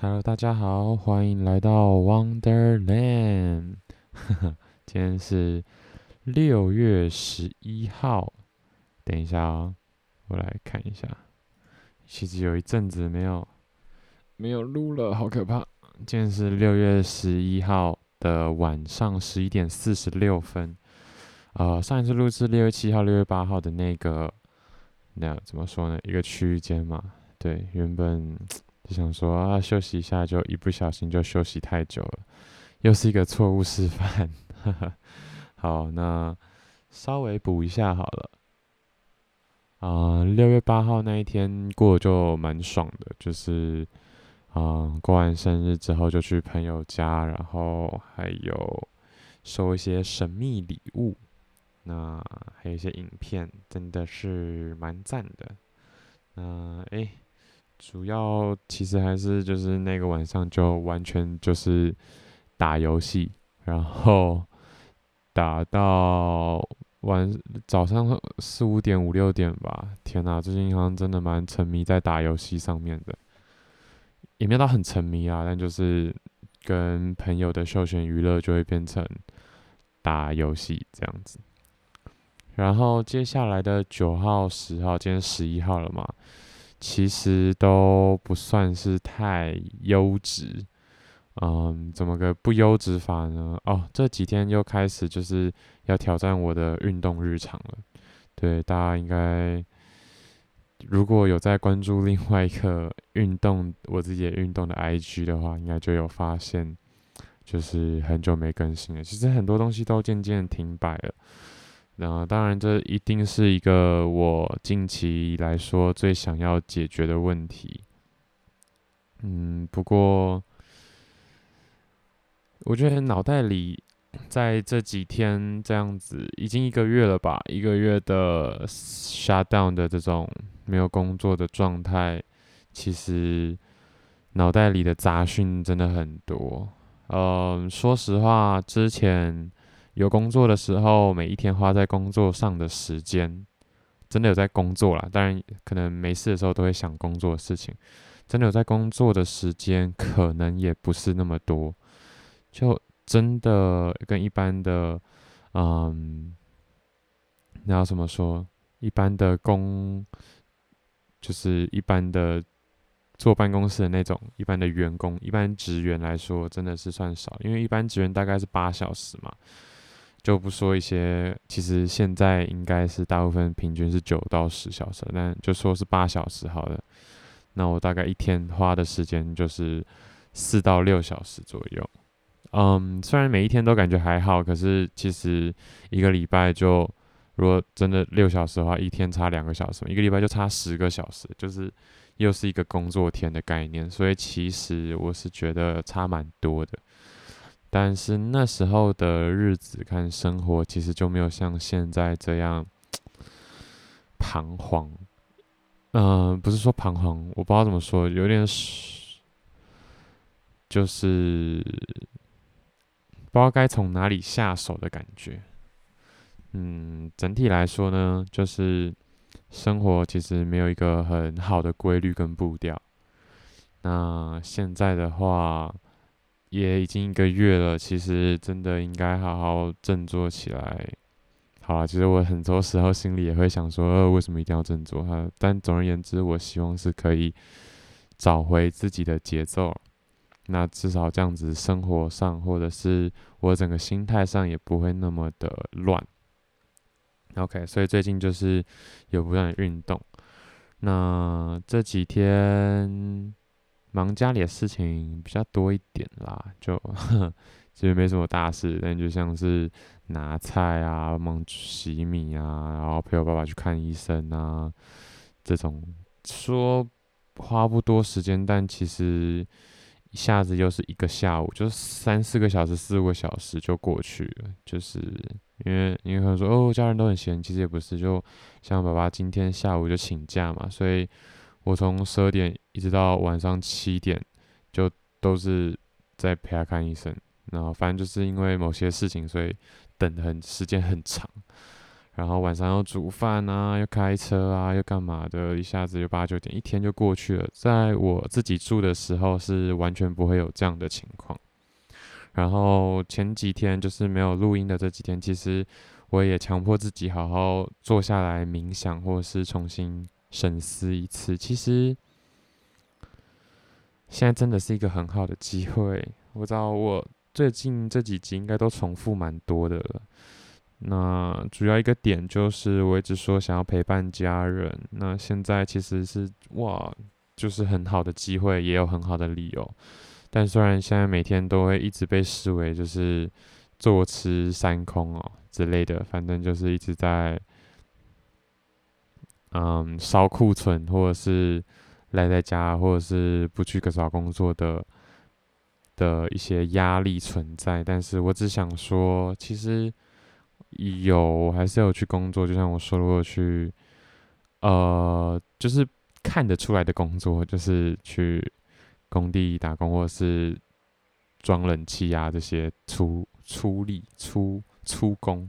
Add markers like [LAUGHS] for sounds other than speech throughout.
Hello，大家好，歡迎來到 Wonderland。 [LAUGHS] 今天是六月十一號，等一下哦，我來看一下。其實有一陣子沒有沒有錄了，好可怕。今天是六月十一號的晚上十一點四十六分。呃，上一次錄製六月七號、六月八號的那個，那怎麼說呢？一個區間嘛。對，原本。就想說啊，休息一下就一不小心就休息太久了，又是一個錯誤示範。哈哈，好，那稍微補一下好了。啊、呃，六月八號那一天過就蠻爽的，就是啊、呃，過完生日之後就去朋友家，然後還有收一些神秘禮物，那還有一些影片，真的是蠻贊的。那哎。欸主要其實還是就是那個晚上就完全就是打遊戲，然後打到晚早上，四五點五六點吧。天哪，最近好像真的蠻沉迷在打遊戲上面的，也沒有到很沉迷啊。但就是跟朋友的休閒娛樂就會變成打遊戲這樣子。然後接下來的九號、十號，今天十一號了嘛？其實都不算是太優質，嗯，怎麼個不優質法呢？哦，這幾天又開始就是要挑戰我的運動日常了。對，大家應該如果有在關注另外一個運動，我自己的運動的 IG 的話，應該就有發現，就是很久沒更新了。其實很多東西都漸漸停擺了。那、呃、當然，這一定是一個我近期來說最想要解決的問題。嗯，不過我覺得腦袋裡在這幾天這樣子，已經一個月了吧？一個月的 shutdown 的這種沒有工作的狀態，其實腦袋裡的雜訊真的很多。嗯、呃，說實話，之前。有工作的時候，每一天花在工作上的時間，真的有在工作啦。當然，可能沒事的時候都會想工作的事情，真的有在工作的時間，可能也不是那麼多。就真的跟一般的，嗯，那要怎麼說？一般的工，就是一般的坐辦公室的那種，一般的員工、一般職員來說，真的是算少，因為一般職員大概是八小時嘛。就不說一些，其實現在應該是大部分平均是九到十小時，但就說是八小時好了。那我大概一天花的時間就是四到六小時左右。嗯，um，雖然每一天都感覺還好，可是其實一個禮拜就，如果真的六小時的話，一天差兩個小時，一個禮拜就差十個小時，就是又是一個工作天的概念。所以其實我是覺得差蠻多的。但是那時候的日子，跟生活其實就沒有像現在這樣彷徨。嗯，不是說彷徨，我不知道怎麼說，有點是，就是不知道該從哪裡下手的感覺。嗯，整體來說呢，就是生活其實沒有一個很好的規律跟步調。那現在的話。也已經一個月了，其實真的應該好好振作起來。好啊，其實我很多時候心裡也會想說，呃、為什麼一定要振作哈？但總而言之，我希望是可以找回自己的節奏。那至少這樣子，生活上或者是我整個心態上也不會那麼的亂。OK，所以最近就是有不斷運動。那這幾天。忙家裡的事情比較多一點啦，就呵呵，其實沒什麼大事，但就像是拿菜啊、忙洗米啊，然後陪我爸爸去看醫生啊，這種說花不多時間，但其實一下子又是一個下午，就三四個小時、四五個小時就過去了。就是因為因為可能說哦，家人都很閒，其實也不是，就像爸爸今天下午就請假嘛，所以。我從十二點一直到晚上七點，就都是在陪他看醫生。然後反正就是因為某些事情，所以等的時間很長。然後晚上要煮飯啊，要開車啊，又幹嘛的，一下子就八九點，一天就過去了。在我自己住的時候，是完全不會有這樣的情況。然後前幾天就是沒有錄音的這幾天，其實我也強迫自己好好坐下來冥想，或是重新。深思一次，其實現在真的是一個很好的機會。我知道我最近這幾集應該都重複蠻多的了，那主要一個點就是我一直說想要陪伴家人，那現在其實是哇，就是很好的機會，也有很好的理由。但雖然現在每天都會一直被視為就是坐吃山空哦之類的，反正就是一直在。嗯，燒庫存，或者是賴在家，或者是不去個找工作的的一些壓力存在。但是我只想說，其實有還是有去工作。就像我說過去，如果去呃，就是看得出來的工作，就是去工地打工，或者是裝冷氣啊這些出出力、出出，出工。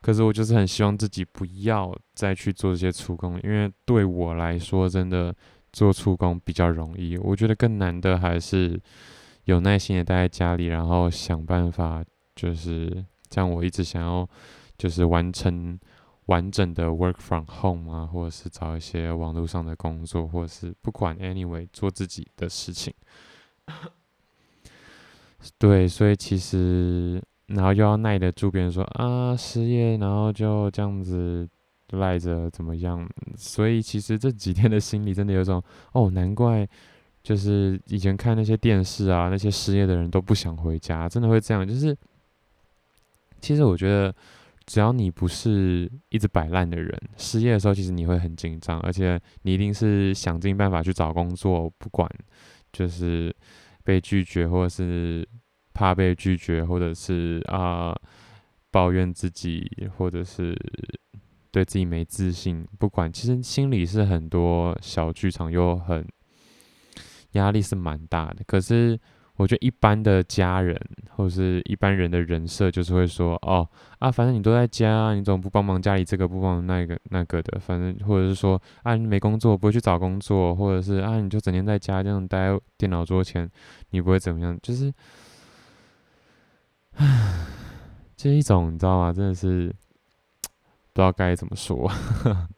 可是我就是很希望自己不要再去做這些粗工，因為對我來說，真的做粗工比較容易。我覺得更難的還是有耐心的待在家裡，然後想辦法，就是這樣。我一直想要就是完成完整的 work from home 啊，或者是找一些網絡上的工作，或者是不管 anyway 做自己的事情。對，所以其實。然後又要耐得住別人說啊，失業，然後就這樣子賴着怎麼樣？所以其實這幾天的心裡真的有種哦，難怪就是以前看那些電視啊，那些失業的人都不想回家，真的會這樣。就是其實我覺得，只要你不是一直擺爛的人，失業的時候其實你會很緊張，而且你一定是想盡辦法去找工作，不管就是被拒絕或者是。怕被拒絕，或者是啊、呃，抱怨自己，或者是對自己沒自信。不管，其實心裡是很多小劇場，又很壓力是蠻大的。可是，我覺得一般的家人或者是一般人的人設就是會說：“哦啊，反正你都在家，啊，你怎麼不幫忙家裡這個，不幫忙那個那個的。反正或者是說，啊，你沒工作不會去找工作，或者是啊，你就整天在家這樣待電腦桌前，你不會怎麼樣。”就是。唉，這一種你知道嗎？真的是不知道該怎麼說，呵呵，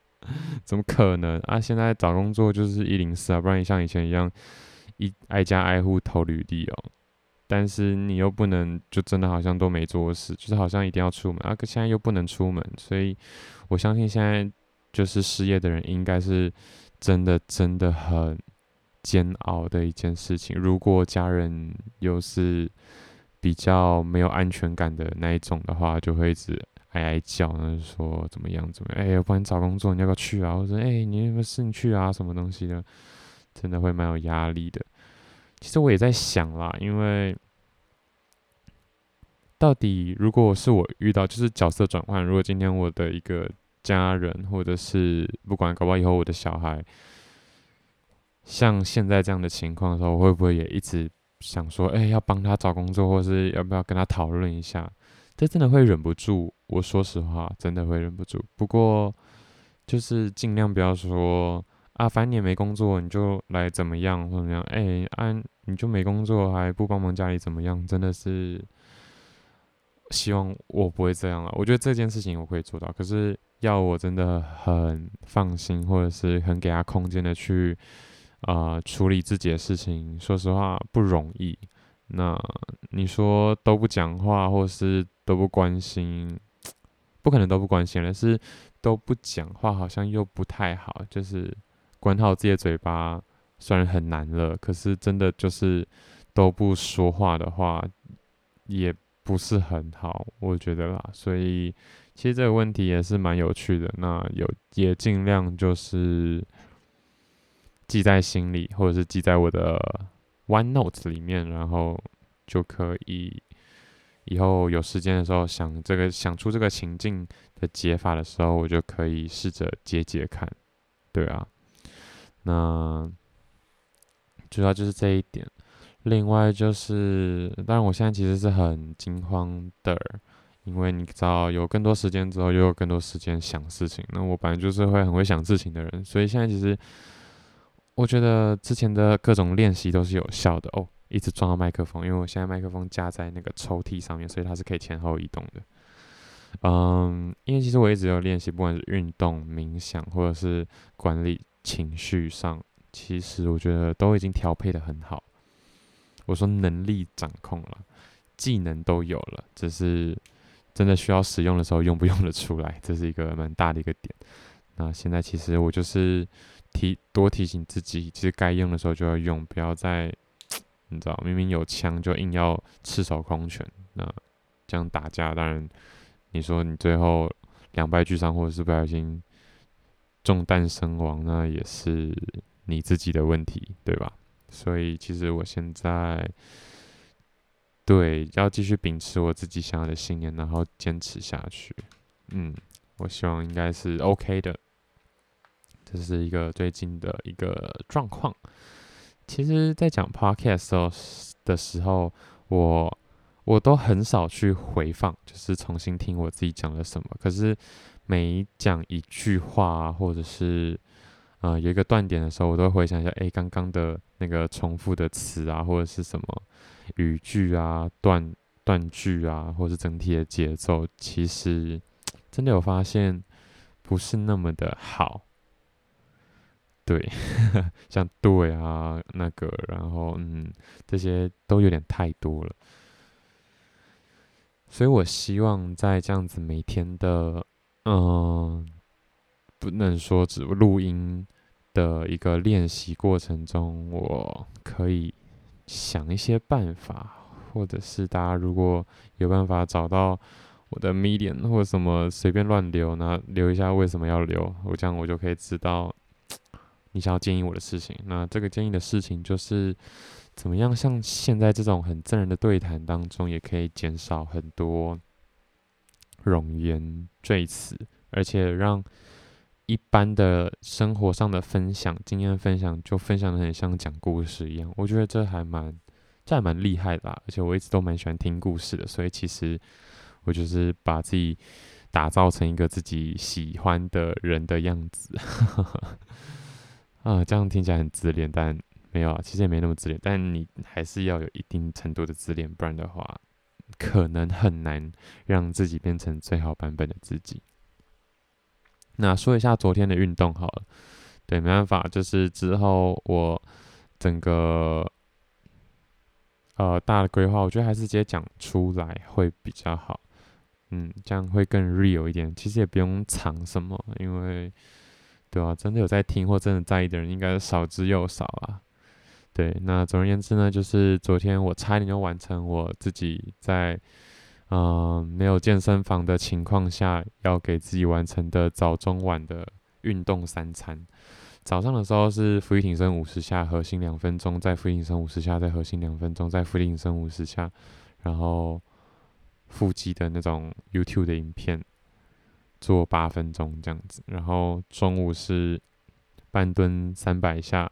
怎麼可能啊？現在找工作就是一零四啊，不然你像以前一樣一挨家挨戶投履歷哦。但是你又不能，就真的好像都沒做事，就是好像一定要出門啊。可現在又不能出門，所以我相信現在就是失業的人，應該是真的真的很煎熬的一件事情。如果家人又是……比較沒有安全感的那一種的話，就會一直哎哎叫，然後說怎麼樣怎麼樣。哎、欸，我幫你找工作，你要不要去啊？我說哎、欸，你有沒有興趣啊？什麼東西的，真的會蠻有壓力的。其實我也在想啦，因為到底如果是我遇到就是角色轉換，如果今天我的一個家人，或者是不管搞不好以後我的小孩，像現在這樣的情況的時候，我會不會也一直？想說，哎、欸，要幫他找工作，或是要不要跟他討論一下？這真的會忍不住。我說實話，真的會忍不住。不過，就是盡量不要說啊，反正你也沒工作，你就來怎麼樣或者怎麼樣？哎、欸，按、啊、你就沒工作還不幫忙家裡怎麼樣？真的是希望我不會這樣了、啊。我覺得這件事情我可以做到，可是要我真的很放心，或者是很給他空間的去。啊、呃，處理自己的事情，說實話不容易。那你說都不講話，或是都不關心，不可能都不關心，但是都不講話，好像又不太好。就是管好自己的嘴巴，雖然很難了，可是真的就是都不說話的話，也不是很好，我覺得啦。所以其實這個問題也是蠻有趣的。那有也盡量就是。記在心裡，或者是記在我的 OneNote 裡面，然後就可以以後有時間的時候想這個想出這個情境的解法的時候，我就可以試着解解看。對啊，那主要就是這一點。另外就是，但我現在其實是很驚慌的，因為你知道，有更多時間之後，又有更多時間想事情。那我本來就是會很會想事情的人，所以現在其實。我覺得之前的各種練習都是有效的哦。一直撞到麥克風，因為我現在麥克風架在那個抽屜上面，所以它是可以前後移動的。嗯，因為其實我一直有練習，不管是運動、冥想，或者是管理情緒上，其實我覺得都已經調配得很好。我說能力掌控了，技能都有了，只是真的需要使用的時候用不用得出來，這是一個蠻大的一個點。那現在其實我就是。提，多提醒自己，其實該用的時候就要用，不要再，你知道，明明有槍就硬要赤手空拳，那這樣打架，當然，你說你最後兩敗俱傷，或者是不小心中彈身亡，那也是你自己的問題，對吧？所以其實我現在，對，要繼續秉持我自己想要的信念，然後堅持下去。嗯，我希望應該是 OK 的。這是一個最近的一個狀況。其實，在講 Podcast 的時候，我我都很少去回放，就是重新聽我自己講了什麼。可是，每講一句話，啊，或者是，呃、有一個斷點的時候，我都會回想一下，哎，欸，剛剛的那個重複的詞啊，或者是什麼語句啊、斷斷句啊，或者整體的節奏，其實真的有發現不是那麼的好。對，像對啊，那個，然後嗯，這些都有點太多了，所以我希望在這樣子每天的嗯，不能說只錄音的一個練習過程中，我可以想一些辦法，或者是大家如果有辦法找到我的 medium 或者什麼隨便亂留，那留一下為什麼要留，我這樣我就可以知道。你想要建議我的事情，那這個建議的事情就是怎麼樣？像現在這種很正人的對談當中，也可以減少很多冗言贅詞，而且讓一般的生活上的分享、經驗分享，就分享得很像講故事一樣。我覺得這還蠻這還蠻厲害的啊，而且我一直都蠻喜歡聽故事的，所以其實我就是把自己打造成一個自己喜歡的人的樣子。呵呵啊，這樣聽起來很自戀，但沒有啊，其實也沒那麼自戀。但你還是要有一定程度的自戀，不然的話，可能很難讓自己變成最好版本的自己。那說一下昨天的運動好了，對，沒辦法，就是之後我整個呃大的規劃，我覺得還是直接講出來會比較好。嗯，這樣會更 real 一點。其實也不用藏什麼，因為。對啊，真的有在聽或真的在意的人應該是少之又少啊。對，那總而言之呢，就是昨天我差一點就完成我自己在嗯沒有健身房的情況下要給自己完成的早中晚的運動三餐。早上的時候是伏地挺身五十下，核心兩分鐘，再伏地挺身五十下，再核心兩分鐘，再伏地挺身五十下，然後腹肌的那種 YouTube 的影片。做八分鐘這樣子，然後中午是半蹲三百下，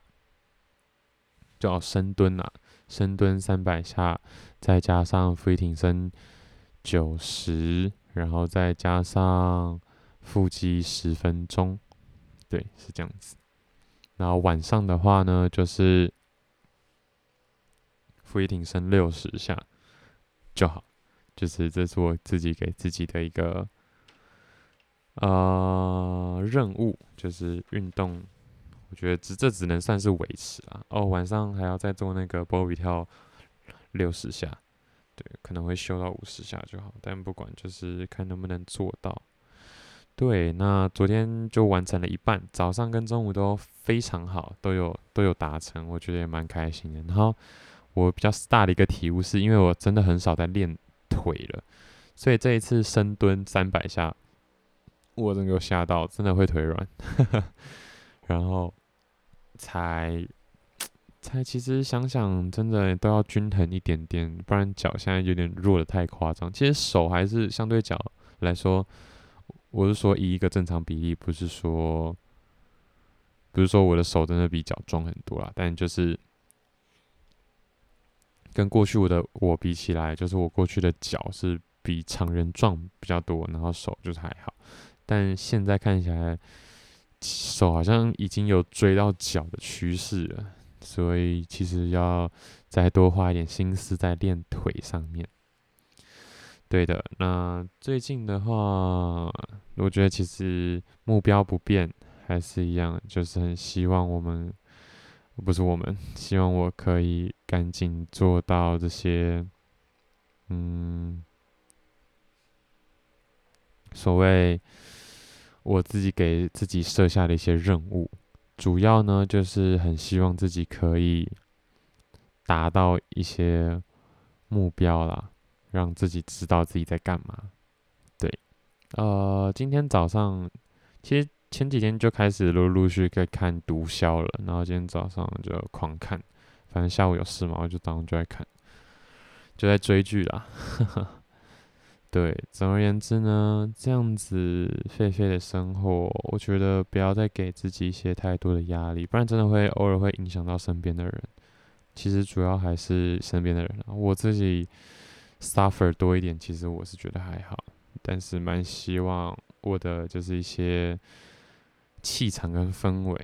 叫深蹲吶、啊，深蹲三百下，再加上俯地挺身九十，然後再加上腹肌十分鐘，對，是這樣子。然後晚上的話呢，就是俯地挺身六十下就好，就是這是我自己給自己的一個。呃，任務就是運動，我覺得這這只能算是維持啊。哦，晚上還要再做那個波比跳六十下，對，可能會修到五十下就好。但不管，就是看能不能做到。對，那昨天就完成了一半，早上跟中午都非常好，都有都有達成，我覺得也蠻開心的。然後我比較大的一個體悟是，因為我真的很少在練腿了，所以這一次深蹲三百下。我真的給我嚇到，真的會腿軟， [LAUGHS] 然後才才其實想想，真的都要均衡一點點，不然腳現在有點弱得太誇張。其實手還是相對腳來說，我是說以一個正常比例，不是說不是說我的手真的比腳壯很多啦，但就是跟過去我的我比起來，就是我過去的腳是比常人壯比較多，然後手就是還好。但現在看起來，手好像已經有追到腳的趨勢了，所以其實要再多花一點心思在練腿上面。對的，那最近的話，我覺得其實目標不變還是一樣，就是很希望我們不是我們，希望我可以趕緊做到這些，嗯，所謂。我自己給自己設下的一些任務，主要呢就是很希望自己可以達到一些目標啦，讓自己知道自己在幹嘛。對，呃，今天早上其實前幾天就開始陸陸續續在看《毒梟》了，然後今天早上就狂看，反正下午有事嘛，我就早上就在看，就在追劇啦。呵呵對，總而言之呢，這樣子廢廢的生活，我覺得不要再給自己一些太多的壓力，不然真的會偶爾會影響到身邊的人。其實主要還是身邊的人，我自己 suffer 多一點，其實我是覺得還好，但是蠻希望我的就是一些氣場跟氛圍，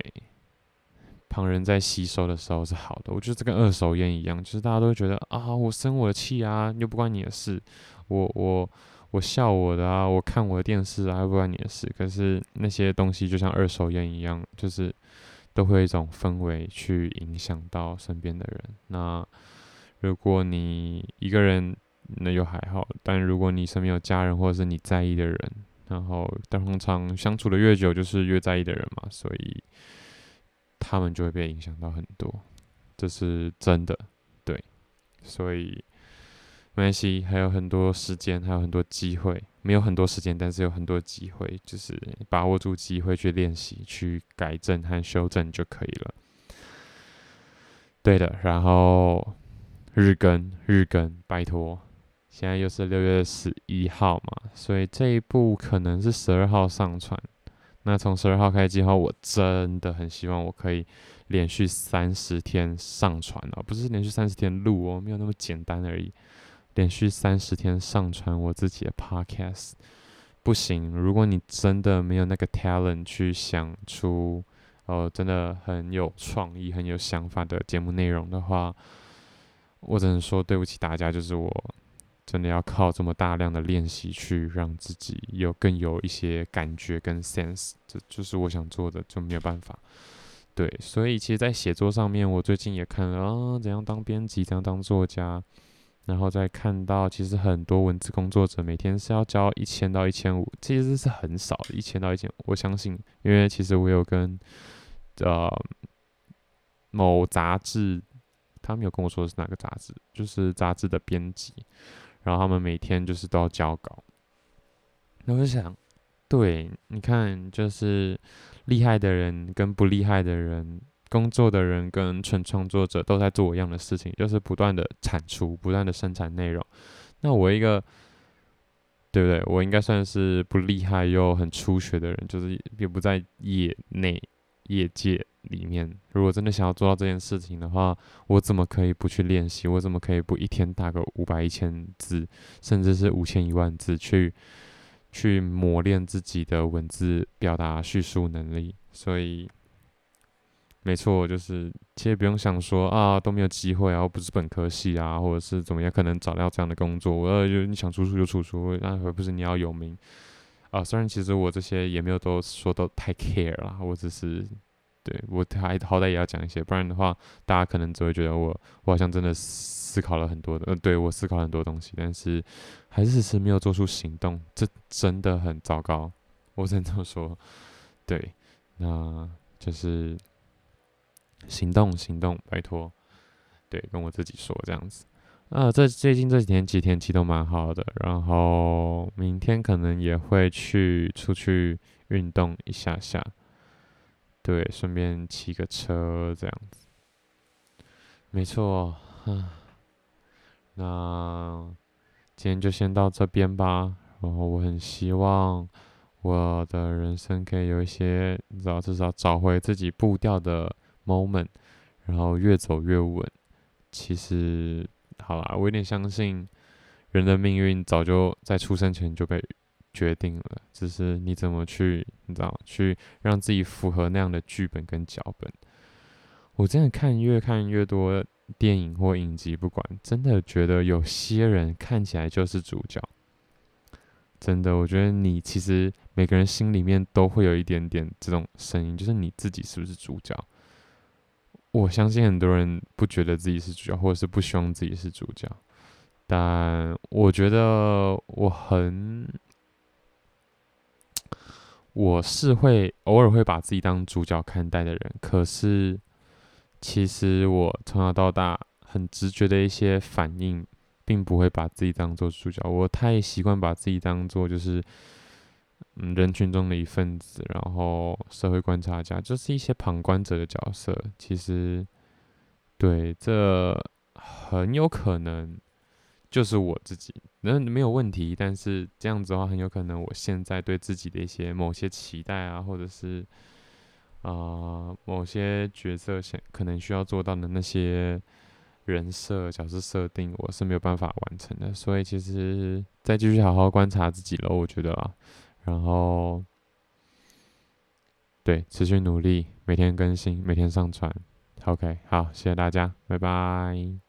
旁人在吸收的時候是好的。我覺得這跟二手菸一樣，其實大家都會覺得啊，我生我的氣啊，又不關你的事。我我我笑我的啊，我看我的電視啊，不關你的事。可是那些東西就像二手煙一樣，就是都會有一種氛圍去影響到身邊的人。那如果你一個人，那就還好；但如果你身邊有家人或者是你在意的人，然後但通常相處的越久，就是越在意的人嘛，所以他們就會被影響到很多，這是真的。對，所以。沒關係，還有很多時間，還有很多機會。沒有很多時間，但是有很多機會，就是把握住機會去練習、去改正和修正就可以了。對的，然後日更日更，拜託！現在又是六月十一號嘛，所以這一部可能是十二號上傳。那從十二號開始之後，我真的很希望我可以連續三十天上傳哦，不是連續三十天錄哦，沒有那麼簡單而已。連續三十天上傳我自己的 podcast，不行。如果你真的沒有那個 talent 去想出，呃，真的很有創意、很有想法的節目內容的話，我只能說對不起大家。就是我真的要靠這麼大量的練習去讓自己有更有一些感覺跟 sense，這就是我想做的，就沒有辦法。對，所以其實，在寫作上面，我最近也看啊，怎樣當編輯，怎樣當作家。然後再看到，其實很多文字工作者每天是要交一千到一千五，其實是很少的，一千到一千五。我相信，因為其實我有跟呃某雜誌，他們有跟我說是哪個雜誌，就是雜誌的編輯，然後他們每天就是都要交稿。那我就想，對，你看，就是厲害的人跟不厲害的人。工作的人跟純創作者都在做一樣的事情，就是不斷的產出，不斷的生產內容。那我一個，對不對？我應該算是不厲害又很初學的人，就是也不在業內、業界裡面。如果真的想要做到這件事情的話，我怎麼可以不去練習？我怎麼可以不一天打個五百、一千字，甚至是五千、一萬字去，去磨練自己的文字表達、敘述能力？所以。沒錯，就是其實不用想說啊，都沒有機會、啊，然後不是本科系啊，或者是怎麼樣，可能找到這樣的工作。我就是你想出書就出書，那會不是你要有名啊。雖然其實我這些也沒有都說都太 care 啦，我只是，對我還好歹也要講一些，不然的話大家可能只會覺得我我好像真的思考了很多的，呃，對我思考很多東西，但是還是是沒有做出行動，這真的很糟糕。我只能這麼說，對，那就是。行動，行動，拜託，對，跟我自己說這樣子。啊，這最近這幾天幾天氣都蠻好的，然後明天可能也會去出去運動一下下，對，順便騎個車這樣子。沒錯，啊，那今天就先到這邊吧。然後我很希望我的人生可以有一些，你知道，至少找回自己步調的 moment，然後越走越穩。其實，好啦，我有點相信人的命運早就在出生前就被決定了，只、就是你怎麼去，你知道嗎？去讓自己符合那樣的劇本跟腳本。我真的看越看越多電影或影集，不管，真的覺得有些人看起來就是主角。真的，我覺得你其實每個人心裡面都會有一點點這種聲音，就是你自己是不是主角？我相信很多人不覺得自己是主角，或者是不希望自己是主角。但我覺得我很，我是會偶爾會把自己當主角看待的人。可是，其實我從小到大很直覺的一些反應，並不會把自己當做主角。我太習慣把自己當做就是。嗯，人群中的一份子，然後社會觀察家，就是一些旁觀者的角色。其實，對，這很有可能就是我自己，那沒有問題。但是這樣子的話，很有可能我現在對自己的一些某些期待啊，或者是啊、呃、某些角色想可能需要做到的那些人設角色設定，我是沒有辦法完成的。所以，其實再繼續好好觀察自己了。我覺得啊。然後，對，持續努力，每天更新，每天上傳，OK，好，謝謝大家，拜拜。